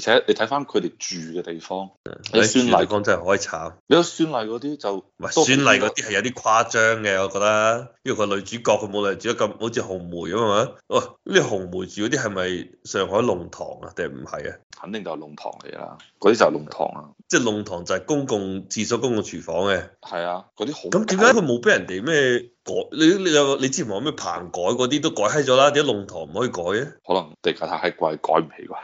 而且你睇翻佢哋住嘅地方，你孫儷講真係可以慘。如果孫儷嗰啲就，唔係孫儷嗰啲係有啲誇張嘅，我覺得。因為個女主角佢冇理由住咁好似紅梅咁啊嘛。哇、哦，呢紅梅住嗰啲係咪上海弄堂啊？定唔係啊？肯定就係弄堂嚟啦。嗰啲就係弄堂啊。即係弄堂就係公共廁所、公共廚房嘅。係啊。啲好。咁點解佢冇俾人哋咩改？你你又你之前話咩棚改嗰啲都改開咗啦？點解弄堂唔可以改啊？可能地下太貴，改唔起啩？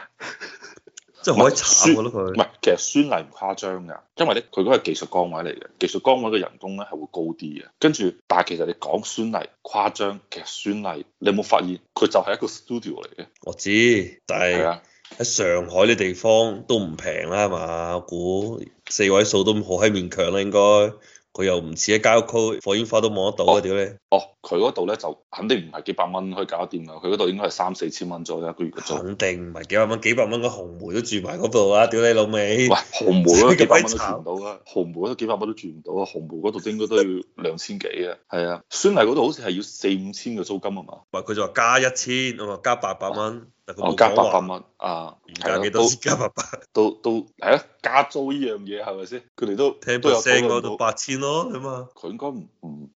即好不算可以查，咯佢，唔係，其實孫儷唔誇張嘅，因為咧佢嗰個技術崗位嚟嘅，技術崗位嘅人工咧係會高啲嘅。跟住，但係其實你講孫儷誇張，其實孫儷你有冇發現佢就係一個 studio 嚟嘅？我知，但係喺上海啲地方都唔平啦，係嘛？我估四位數都唔好喺勉強啦，應該。佢又唔似喺郊區，火煙花都望得到啊！屌你、oh, oh，哦，佢嗰度咧就肯定唔係幾百蚊可以搞掂噶，佢嗰度應該係三四千蚊左右一個月嘅租。肯定唔係幾百蚊，幾百蚊個紅梅都住埋嗰度啊！屌你老味！喂，紅梅都幾百蚊都住唔到啊！紅 梅都幾百蚊都住唔到啊！紅梅嗰度應該都要兩千幾啊。係啊，孫嚟嗰度好似係要四五千嘅租金啊嘛。唔係佢就話加一千，我話加八百蚊。啊。哦，加八百蚊啊？而家幾多？加八百？都都係啊！加租呢樣嘢係咪先？佢哋都聽部聲講到八千咯，咁啊！佢應該唔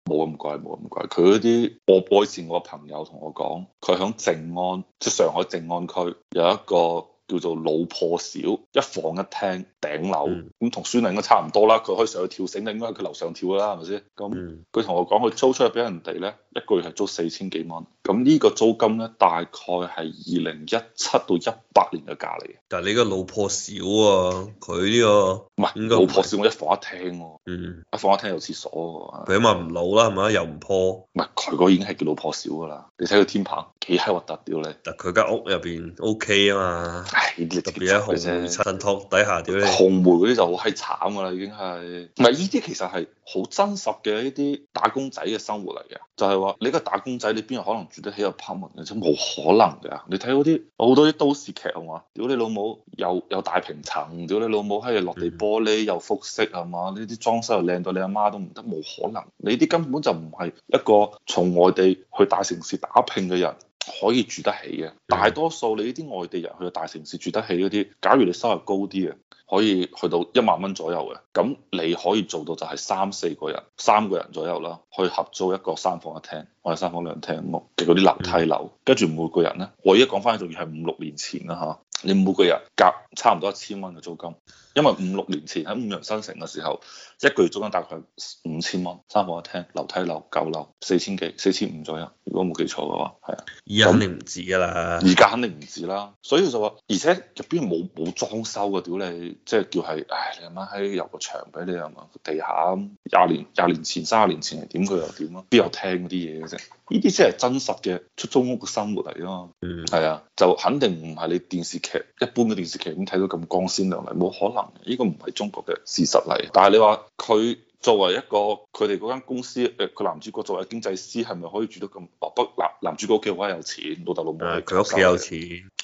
冇咁貴，冇咁貴。佢嗰啲我之前我個朋友同我講，佢響靜安即係、就是、上海靜安區有一個叫做老破小，一房一廳頂樓，咁同、嗯、孫寧應該差唔多啦。佢可以上去跳繩，你應該喺佢樓上跳噶啦，係咪先？咁佢同我講，佢租出去俾人哋咧，一個月係租四千幾蚊。咁呢個租金咧，大概係二零一七到一八年嘅價嚟嘅。但係你個老破少啊，佢呢、呢個唔係是老破少，我一房一廳喎、啊，嗯、一房一廳有廁所喎、啊。佢起碼唔老啦，係咪又唔破，唔係佢個已經係叫老破少㗎啦。你睇佢天棚幾閪核突屌你！啊、但佢間屋入邊 OK 啊嘛，呢啲特別喺紅梅邨、就係、底下屌你。紅梅嗰啲就好閪慘㗎啦，已經係。唔係依啲其實係好真實嘅一啲打工仔嘅生活嚟嘅，就係、係、話你個打工仔你邊有可能？住得起個泡沫，而且冇可能㗎。你睇嗰啲，好多啲都市劇係嘛？屌你老母有，有有大平層，屌你老母喺度落地玻璃，有複式係嘛？呢啲裝修又靚到你阿媽都唔得，冇可能。你啲根本就唔係一個從外地去大城市打拼嘅人可以住得起嘅。大多數你呢啲外地人去到大城市住得起嗰啲，假如你收入高啲呀。可以去到一萬蚊左右嘅，咁你可以做到就係三四個人，三個人左右啦，去合租一個三房一廳，我哋三房兩廳嘅嗰啲樓梯樓，跟住每個人呢，我依家講翻，仲要係五六年前啦吓。你每個日夾差唔多一千蚊嘅租金，因為五六年前喺五羊新城嘅時候，一個月租金大概五千蚊，三房一廳，樓梯樓九樓四千幾四千五左右，如果冇記錯嘅話，係啊。而家肯定唔止㗎啦，而家肯定唔止啦，所以就話，而且入邊冇冇裝修嘅屌你，即係叫係，唉，你阿媽喺入個牆俾你啊嘛，地下廿年廿年前卅年前係點佢又點咯，邊有聽嗰啲嘢嘅啫？呢啲即係真實嘅出租屋嘅生活嚟啊嘛，嗯，係啊，就肯定唔係你電視，劇一般嘅電視劇點睇到咁光鮮亮麗？冇可能，呢、這個唔係中國嘅事實嚟。但係你話佢作為一個佢哋嗰間公司誒，佢男主角作為經濟師係咪可以住得咁？哦不，男男主角屋企好有錢，老豆老母佢屋企有錢，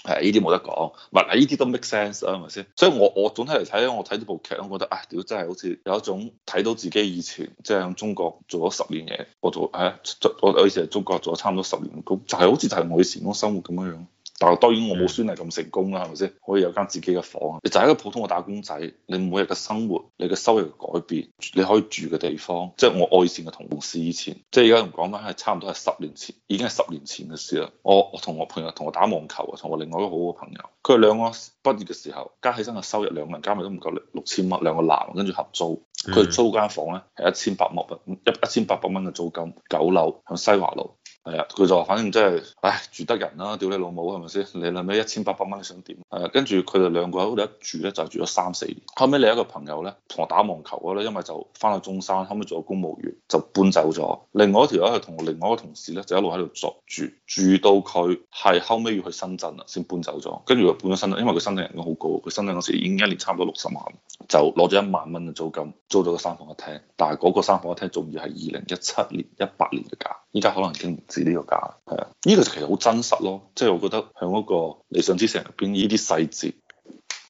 係呢啲冇得講。唔呢啲都 make sense 啊？係咪先？所以我我總體嚟睇，我睇到部劇，我覺得啊，屌、哎、真係好似有一種睇到自己以前即係喺中國做咗十年嘢，我做係啊，哎就是、我以前喺中國做咗差唔多十年工，就係好似就係我以前嗰生活咁樣樣。但係當然我冇孫麗咁成功啦，係咪先？可以有間自己嘅房啊！你就係一個普通嘅打工仔，你每日嘅生活，你嘅收入改變，你可以住嘅地方，即係我以前嘅同事以前，即係而家同講翻係差唔多係十年前，已經係十年前嘅事啦。我我同我朋友同我打網球啊，同我另外一個好嘅朋友，佢哋兩個畢業嘅時候加起身嘅收入，兩個人加埋都唔夠六六千蚊，兩個男跟住合租。佢租間房咧，係一千八百蚊，一一千八百蚊嘅租金，九樓，向西華路，係啊，佢就反正即係，唉，住得人啦，屌你老母，係咪先？你諗咩？一千八百蚊，你想點？誒，跟住佢哋兩個喺度一住咧，就住咗三四年。後尾你一個朋友咧，同我打網球嘅咧，因為就翻到中山，後尾做咗公務員，就搬走咗。另外一條友係同另外一個同事咧，就一路喺度作住，住到佢係後尾要去深圳啦，先搬走咗。跟住佢搬咗深圳，因為佢深圳人工好高，佢深圳嗰時已經一年差唔多六十萬，就攞咗一萬蚊嘅租金。租咗個三房一廳，但係嗰個三房一廳仲要係二零一七年、一八年嘅價，依家可能已經唔止呢個價啦。啊，呢、這個其實好真實咯，即、就、係、是、我覺得向嗰、那個理想之城入邊呢啲細節，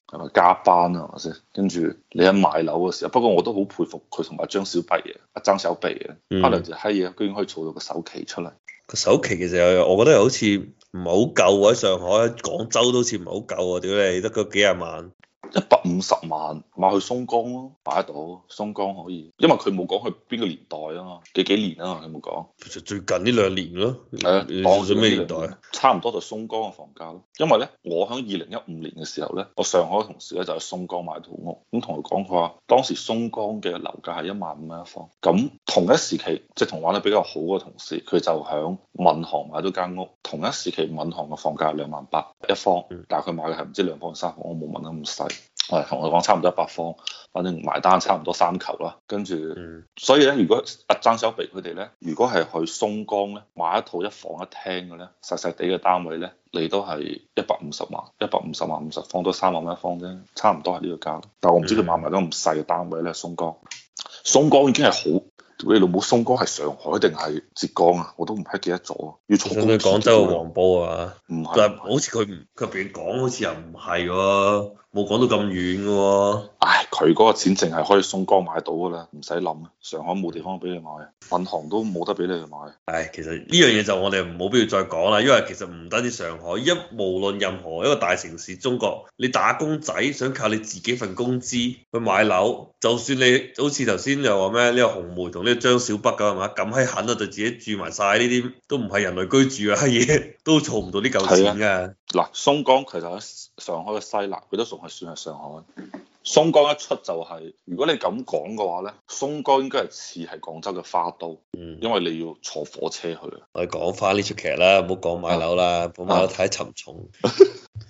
係咪加班啊？係咪？跟住你一買樓嘅時候，不過我都好佩服佢同埋張小畢、嗯、啊，一爭小臂啊，可能就閪嘢，居然可以做到個首期出嚟。嗯、個首期其實有我覺得又好似唔好夠喎，喺上海、廣州都似唔好夠啊。屌你，得個幾廿萬。一百五十萬買去松江咯、啊，買得到松江可以，因為佢冇講佢邊個年代啊嘛，幾幾年啊嘛，佢冇講。其實最近呢兩年咯，係、哎、呀啊，當咗咩年代？差唔多就松江嘅房價咯，因為呢，我喺二零一五年嘅時候呢，我上海同事咧就喺、是、松江買套屋，咁同佢講佢話，當時松江嘅樓價係一萬五蚊一方。咁同一時期，即、就、係、是、同玩得比較好嘅同事，佢就喺閔行買咗間屋，同一時期閔行嘅房價係兩萬八一方，但係佢買嘅係唔知兩房三房，嗯、元元我冇問得咁細。係，同我講差唔多一百方，反正埋單差唔多三球啦。跟住，mm. 所以咧，如果阿爭手俾佢哋咧，如果係去松江咧買一套一房一廳嘅咧，細細地嘅單位咧，你都係一百五十萬，一百五十萬五十方都三萬蚊一方啫，差唔多係呢個價。但係我唔知佢買埋咁細嘅單位咧，松江，松江已經係好。你老母松江係上海定係浙江啊？我都唔係記得咗，要坐公交。從你廣州嘅黃埔啊？唔係是。但係好似佢唔，佢是邊講好似又唔係喎，冇講到咁遠嘅喎、啊。唉，佢嗰個錢淨係可以松江買到㗎啦，唔使諗。上海冇地方俾你買，銀行都冇得俾你買。唉，其實呢樣嘢就我哋冇必要再講啦，因為其實唔單止上海，一無論任何一個大城市，中國你打工仔想靠你自己份工資去買樓，就算你好似頭先又話咩呢個紅梅同。啲張小北噶係嘛，咁閪狠咯，就自己住埋晒呢啲都唔係人類居住嘅閪嘢，都做唔到啲舊錢噶。嗱，松江其實喺上海嘅西南，佢都仲係算係上海。松江一出就係、是，如果你咁講嘅話咧，松江應該係似係廣州嘅花都。嗯，因為你要坐火車去。我哋講翻呢出劇啦，唔好講買樓啦，本嚟都太沉重。啊啊